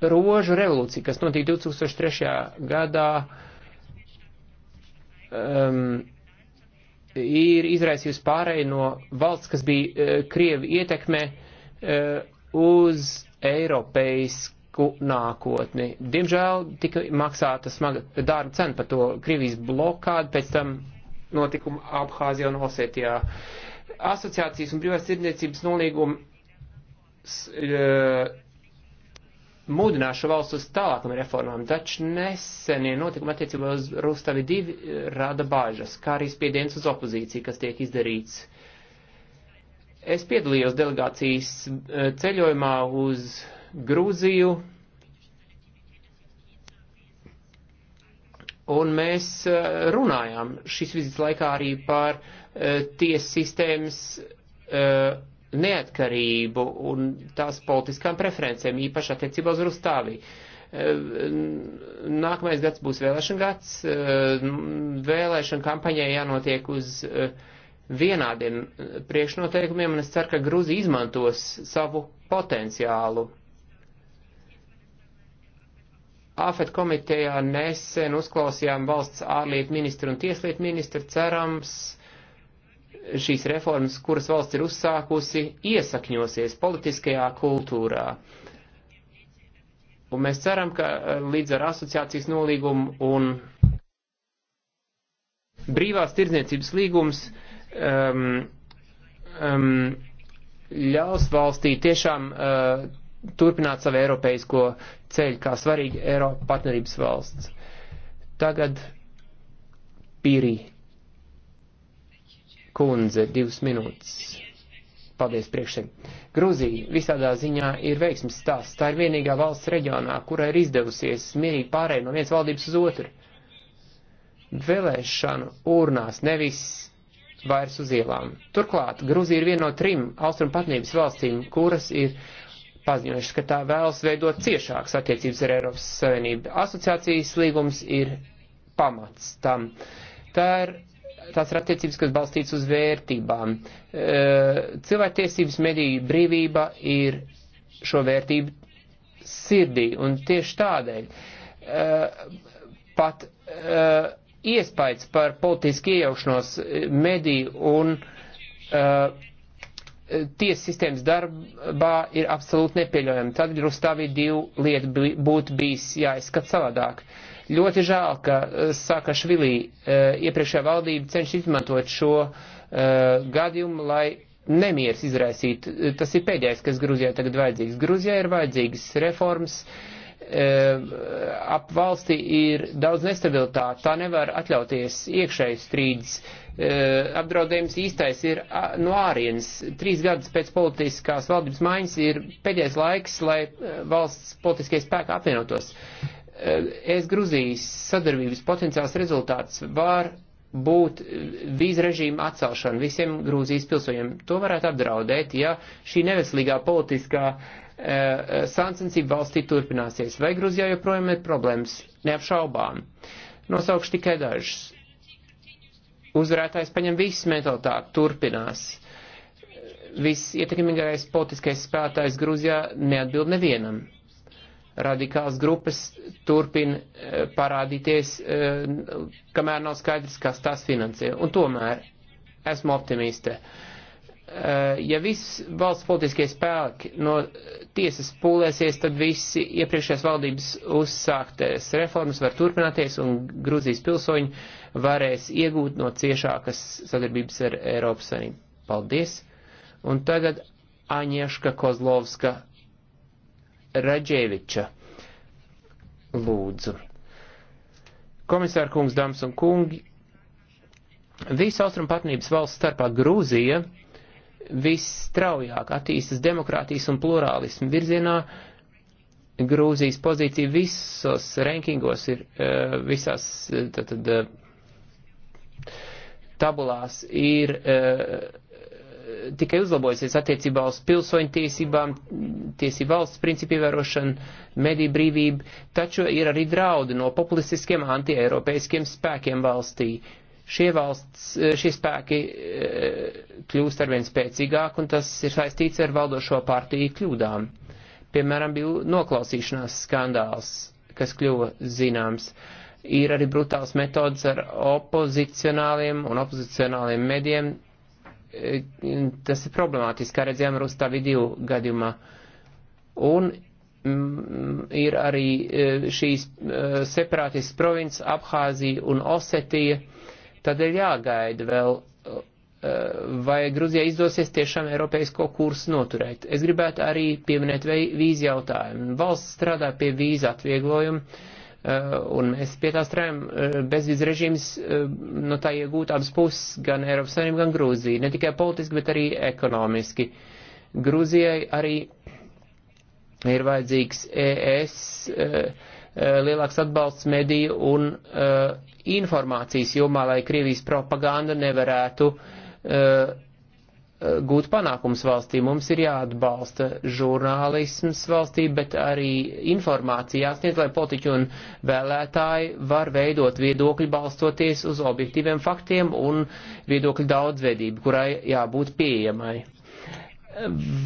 Rožu revolūcija, kas notika 2003. gadā, um, ir izraisījusi pārēju no valsts, kas bija uh, Krievi ietekmē, uh, eh, uz Eiropeisku cilvēku nākotni. Diemžēl tika maksāta smaga dārga cena par to Krievijas blokādu, pēc tam notikumu Abhāzijā un Osetijā. Asociācijas un brīvās tirdzniecības nolīguma uh, e, mudināšu valsts uz tālākam reformām, taču nesenie notikumi attiecībā uz Rustavi divi e, rada bāžas, kā arī spiediens uz opozīciju, kas tiek izdarīts. Es piedalījos delegācijas e, ceļojumā uz uh, Grūziju. Un mēs eh, runājām šīs vizītes laikā arī par uh, eh, tiesu sistēmas uh, neatkarību un tās politiskām preferencēm, īpaši attiecībā uz Rustāviju. Nākamais gads būs vēlēšana gads. Vēlēšana kampaņai jānotiek uz vienādiem priekšnoteikumiem, un es ceru, ka Grūzi izmantos savu potenciālu AFET komitejā nesen uzklausījām valsts ārlietu ministru un tieslietu ministru cerams šīs reformas, kuras valsts ir uzsākusi, iesakņosies politiskajā kultūrā. Un mēs ceram, ka eh, līdz ar asociācijas nolīgumu un brīvās tirdzniecības līgums um, um, ļaus valstī tiešām uh, turpināt savu eiropeisko ceļu kā svarīga Eiropa partnerības valsts. Tagad Pīrī kundze divas minūtes. Paldies priekšēm. Gruzija visādā ziņā ir veiksmes stāsts. Tā ir vienīgā valsts reģionā, kurai ir izdevusies mierīgi pārēj no vienas valdības uz otru. Vēlēšanu urnās, nevis vairs uz ielām. Turklāt, Gruzija ir viena no trim austrumpatnības valstīm, kuras ir uh, paziņojušas, ka tā vēlas veidot ciešākas attiecības ar Eiropas Savienību. Asociācijas līgums ir pamats tam. Tā ir, tās ir attiecības, kas balstīts uz vērtībām. E, cilvēktiesības mediju brīvība ir šo vērtību sirdī, un tieši tādēļ e, pat e, iespējas par politisku iejaukšanos mediju un uh, tiesu sistēmas darbā ir absolūti nepieļaujama. Tad ir uzstāvīt divu lietu būtu bijis jāizskat savādāk. Ļoti žēl, ka eh, Sakašvilī eh, iepriekšējā valdība cenšas izmantot šo uh, gadījumu, lai nemieris izraisītu. Tas ir pēdējais, kas Gruzijai tagad vajadzīgs. Gruzijai ir vajadzīgas reformas. Uh, Ehm, ap valsti ir daudz nestabilitāte, tā nevar atļauties iekšējas strīdus. Ehm, apdraudējums īstais ir no ārienes. Trīs gadus pēc politiskās valdības maiņas ir pēdējais laiks, lai e, valsts politiskie spēki apvienotos. Ehm, es Gruzijas sadarbības potenciāls rezultāts var būt e, vīzu režīma atcelšana visiem Grūzijas pilsoņiem. To varētu apdraudēt, ja šī neveselīgā politiskā uh, sāncensība valstī turpināsies. Vai Gruzijā joprojām ir problēmas? Neapšaubām. Nosaukšu tikai dažas. Uzvarētājs paņem visu mentalitāti, turpinās. Visietekmīgākais politiskais spēlētājs Gruzijā neatbild nevienam. Radikāls grupas turpina eh, parādīties, eh, kamēr nav skaidrs, kas tās finansē. Un tomēr esmu optimiste. Uh, Eh, ja viss valsts politiskie spēki no tiesas pūlēsies, tad visi iepriekšējās valdības uzsāktās reformas var turpināties un Grūzijas pilsoņi varēs iegūt no ciešākas sadarbības ar Eiropas Savienību. Paldies! Un tagad Aņieška Kozlovska Raģēviča. Lūdzu. Komisāra kungs, dāmas un kungi, visu austrumpatnības valsts starpā Grūzija visstraujāk attīstas demokrātijas un plurālismu virzienā. Grūzijas pozīcija visos rankingos ir e, visās tātad, e, e, tabulās ir tikai uzlabojusies attiecībā uz pilsoņu tiesībām, tiesību valsts principu ievērošanu, mediju brīvību, taču ir arī draudi no populistiskiem antieiropeiskiem spēkiem valstī. Uh, Šie valsts, e, šie spēki e, kļūst arvien spēcīgāk, un tas ir saistīts ar valdošo partiju kļūdām. Piemēram, bija noklausīšanās skandāls, kas kļuva zināms. Ir arī brutāls metodas ar opozicionāliem un opozicionāliem mediem. E, tas ir problemātiski, kā redzējām Rustā video gadījumā. Un mm, ir arī šīs separātists provinces Abhāzija un Osetija, tad ir jāgaida vēl, uh, uh, vai Gruzijai izdosies tiešām eiropeisko kursu noturēt. Es gribētu arī pieminēt vīzi jautājumu. Valsts strādā pie vīzi atvieglojumu, uh, un mēs pie tā strādājam. Bezvīz režīms no tā iegūt abas puses, gan Eiropas Savienība, gan Grūzija. Ne tikai politiski, bet arī ekonomiski. Grūzijai arī ir vajadzīgs ES. Uh, Eh, lielāks atbalsts mediju un eh, informācijas jomā, lai Krievijas propaganda nevarētu eh, gūt panākums valstī. Mums ir jāatbalsta žurnālisms valstī, bet arī informācija jāsniedz, lai politiķi un vēlētāji var veidot viedokļi balstoties uz objektīviem faktiem un viedokļu daudzveidību, kurai jābūt pieejamai.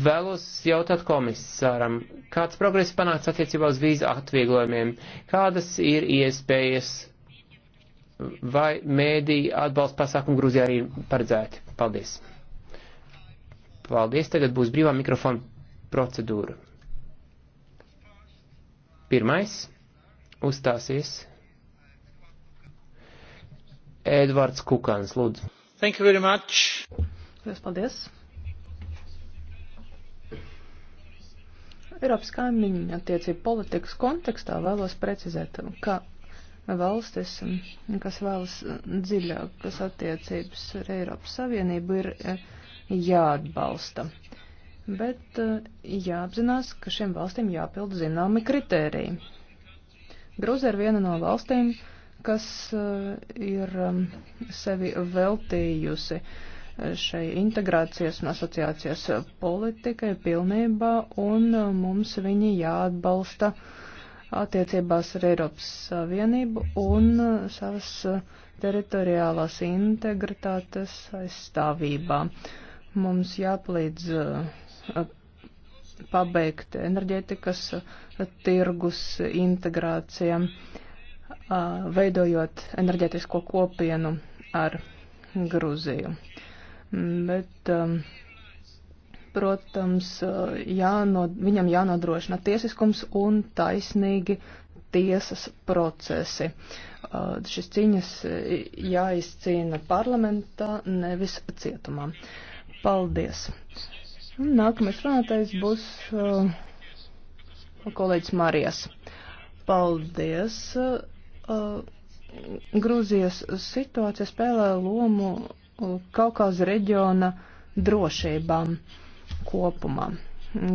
Vēlos jautāt komisāram, kāds progress panāks attiecībā uz vīzu atvieglojumiem, kādas ir iespējas vai mēdī atbalsta pasākumu Grūzijā arī paredzēti? Paldies. Paldies, tagad būs brīvā mikrofona procedūra. Pirmais uzstāsies Edvards Kukans, lūdzu. Thank you very much.
Paldies. paldies. Eiropas kaimiņu attiecību politikas kontekstā vēlos precizēt, ka valstis, kas vēlas dziļākas attiecības ar Eiropas Savienību, ir eh, jāatbalsta. Bet eh, jāapzinās, ka šiem valstīm jāpild zināmi kritēriji. Grūzija ir viena no valstīm, kas eh, ir sevi veltījusi uh, šai integrācijas un asociācijas politikai pilnībā, un mums viņi jāatbalsta attiecībās ar Eiropas Savienību un savas teritoriālās integritātes aizstāvībā. Mums jāpalīdz uh, pabeigt enerģētikas tirgus integrācijām, uh, veidojot enerģētisko kopienu ar Gruziju bet, um, protams, uh, jāno, viņam jānodrošina tiesiskums un taisnīgi tiesas procesi. Uh, šis cīņas jāizcīna parlamentā, nevis cietumā. Paldies! Nākamais runātais būs uh, kolēģis Marijas. Paldies! Uh, Grūzijas situācija spēlē lomu Kaukaz reģiona drošībām kopumā.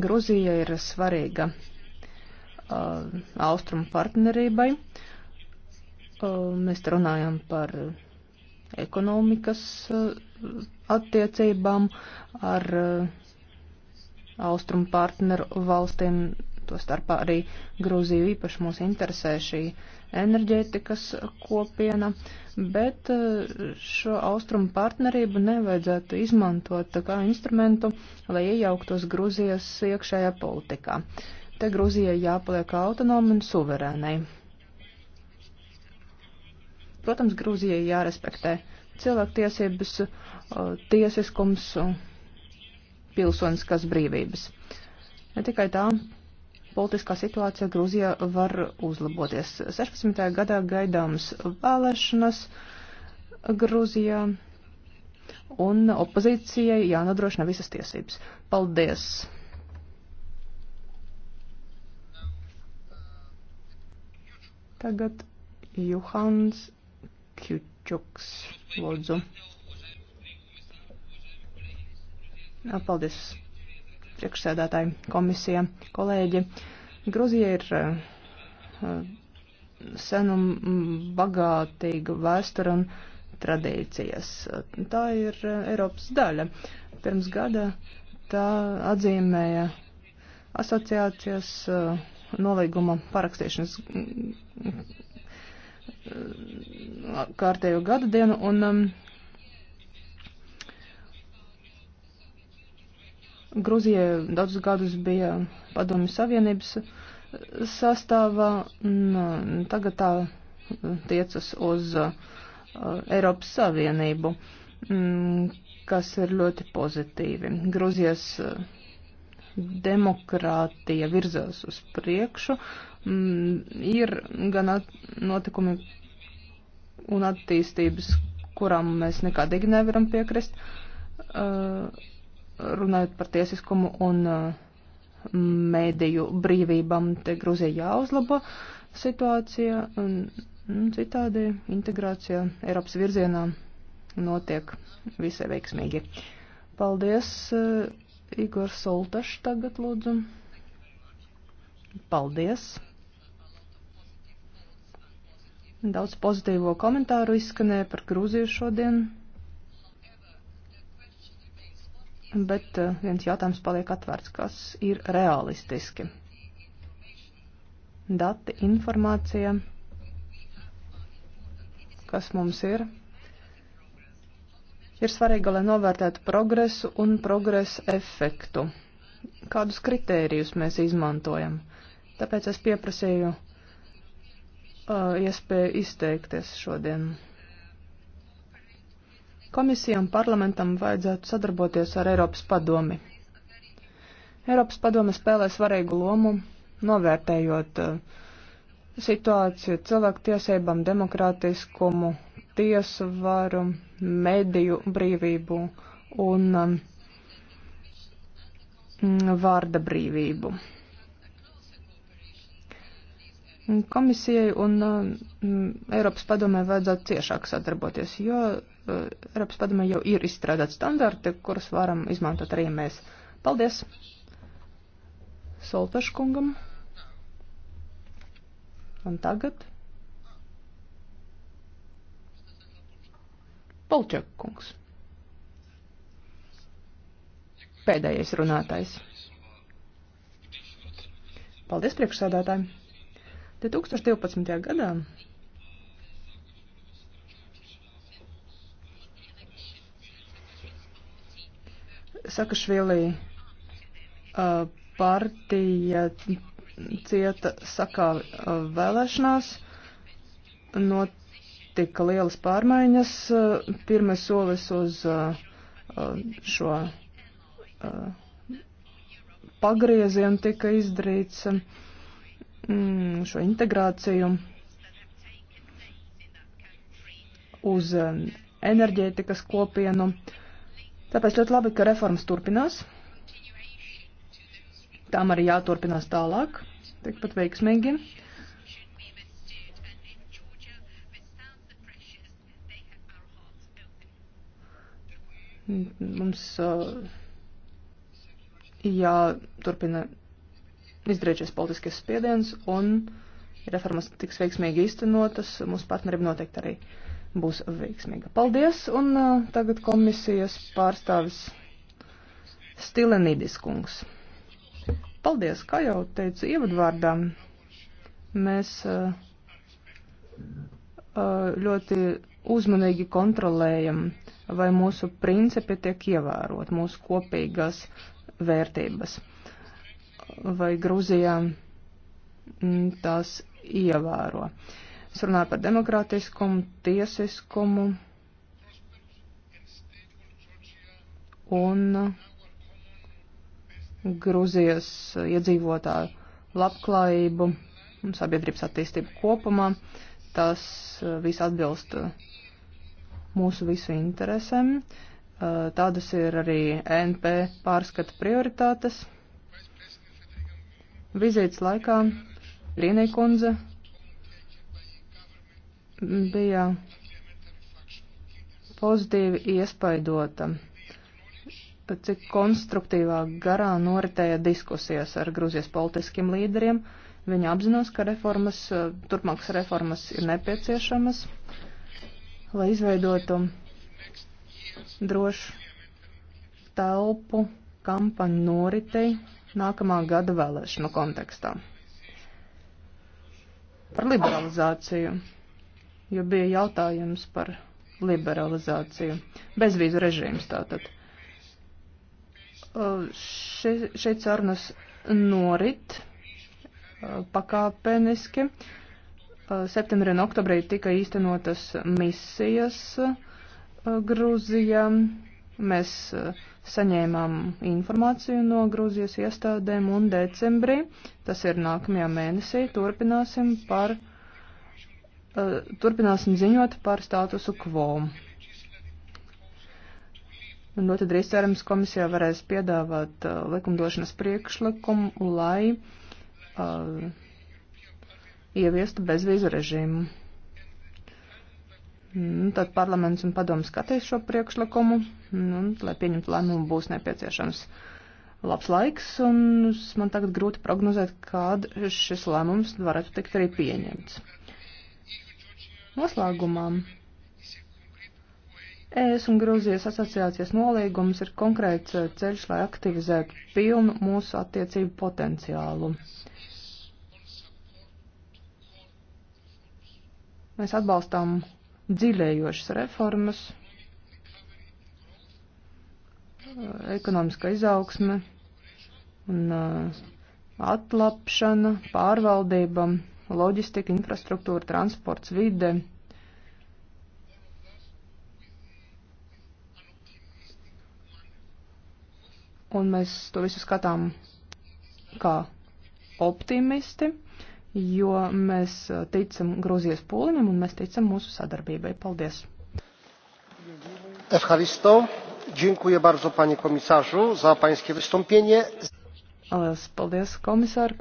Gruzija ir svarīga uh, austrumu partnerībai. Uh, mēs runājam par ekonomikas uh, attiecībām ar uh, austrumu partneru valstīm to starpā arī Grūziju īpaši mūs interesē šī enerģētikas kopiena, bet eh, šo austrumu partnerību nevajadzētu izmantot kā instrumentu, lai iejauktos Grūzijas iekšējā politikā. Te Grūzijai jāpaliek autonomi un suverēnai. Protams, Grūzijai jārespektē cilvēktiesības, eh, tiesiskums, pilsoniskās brīvības. Ne tikai tā, politiskā situācija Grūzijā var uzlaboties. 16. gadā gaidāmas vēlēšanas Grūzijā un opozīcijai jānodrošina visas tiesības. Paldies! Tagad Juhans Kjučuks, lūdzu. Paldies, priekšsēdētāji, komisija, kolēģi. Gruzija ir eh, senu bagātīgu vēsturu un tradīcijas. Tā ir eh, Eiropas daļa. Pirms gada tā atzīmēja asociācijas eh, nolīguma parakstīšanas kārtējo gada dienu un um, Gruzija daudzus gadus bija Padomju Savienības sastāvā, un uh, tagad tā uh, tiecas uz uh, Eiropas Savienību, mm, kas ir ļoti pozitīvi. Gruzijas uh, demokrātija virzās uz priekšu, mm, ir gan at notikumi un attīstības, kurām mēs nekādīgi nevaram piekrist. Uh, runājot par tiesiskumu un uh, mēdīju brīvībām, te Gruzija jāuzlabo situācija, un, un citādi integrācija Eiropas virzienā notiek visai veiksmīgi. Paldies, uh, Igor Soltašs tagad lūdzu. Paldies. Daudz pozitīvo komentāru izskanēja par Grūziju šodien. bet eh, viens jautājums paliek atvērts, kas ir realistiski. Dati, informācija, kas mums ir, ir svarīga, lai novērtētu progresu un progresu efektu. Kādus kritērijus mēs izmantojam? Tāpēc es pieprasīju uh, iespēju izteikties šodien. Komisijām parlamentam vajadzētu sadarboties ar Eiropas padomi. Eiropas padome spēlē svarīgu lomu, novērtējot uh, situāciju cilvēku tiesībām, demokrātiskumu, tiesvaru, mediju brīvību un um, vārda brīvību. Komisijai un um, Eiropas padomē vajadzētu ciešāk sadarboties, jo uh, Eiropas padomē jau ir izstrādāti standarti, kurus varam izmantot arī mēs. Paldies! Soltaškungam. Un tagad. Polčak kungs. Pēdējais runātājs. Paldies priekšsādātājiem! 2012. gadā Sakašvilī uh, partija cieta sakā uh, vēlēšanās, notika lielas pārmaiņas, uh, pirmais solis uz uh, šo uh, pagriezienu tika izdarīts. Uh, mm, šo integrāciju uz um, enerģētikas kopienu. Tāpēc ļoti labi, ka reformas turpinās. Tām arī jāturpinās tālāk, tikpat veiksmīgi. Mums uh, jāturpina izdarīšies politiskais spiediens un reformas tiks veiksmīgi īstenotas, mūsu partnerība noteikti arī būs veiksmīga. Paldies, un uh, tagad komisijas pārstāvis Stilenīdis kungs. Paldies, kā jau teicu ievadvārdā, mēs uh, uh, ļoti uzmanīgi kontrolējam, vai mūsu principi tiek ievērot, mūsu kopīgās vērtības. Uh, vai Grūzijā mm, tās ievēro. Es runāju par demokrātiskumu, tiesiskumu un Grūzijas iedzīvotāju labklājību un sabiedrības attīstību kopumā. Tas eh, viss atbilst eh, mūsu visu interesēm. Eh, tādas ir arī NP pārskata prioritātes. Vizītes laikā Līnī kundze bija pozitīvi iespaidota, cik konstruktīvā garā noritēja diskusijas ar Gruzijas politiskiem līderiem. Viņa apzinās, ka reformas, turpmākas reformas ir nepieciešamas, lai izveidotu drošu telpu kampaņu noritei nākamā gada vēlēšanu kontekstā. Par liberalizāciju, jo bija jautājums par liberalizāciju, bezvīzu režīms tātad. Uh, še, šeit sarunas norit uh, pakāpeniski. Uh, septembrī un oktobrī tika īstenotas misijas Grūzijā. Mēs saņēmām informāciju no Grūzijas iestādēm un decembrī, tas ir nākamajā mēnesī, turpināsim, par, uh, turpināsim ziņot par statusu quo. Un ļoti drīz cerams komisijā varēs piedāvāt uh, likumdošanas priekšlikumu, lai uh, ieviestu bezvīzu režīmu. Mm, tad parlaments un padomu skatīs šo priekšlikumu, un, nu, lai pieņemtu lēmumu, būs nepieciešams labs laiks, un man tagad grūti prognozēt, kad šis lēmums varētu tikt arī pieņemts. Noslēgumā ES un Grūzijas asociācijas nolīgums ir konkrēts eh, ceļš, lai aktivizētu pilnu mūsu attiecību potenciālu. Mēs atbalstām dziļējošas reformas, eh, ekonomiskā izaugsme un eh, atlapšana, pārvaldība, loģistika, infrastruktūra, transports, vide. Un mēs to visu skatām kā optimisti jo mēs uh, ticam Grūzijas pūlim un mēs ticam mūsu sadarbībai. Paldies!
Efharisto, dziękuję
bardzo panie komisarzu za pańskie wystąpienie.
Lielas paldies, komisār!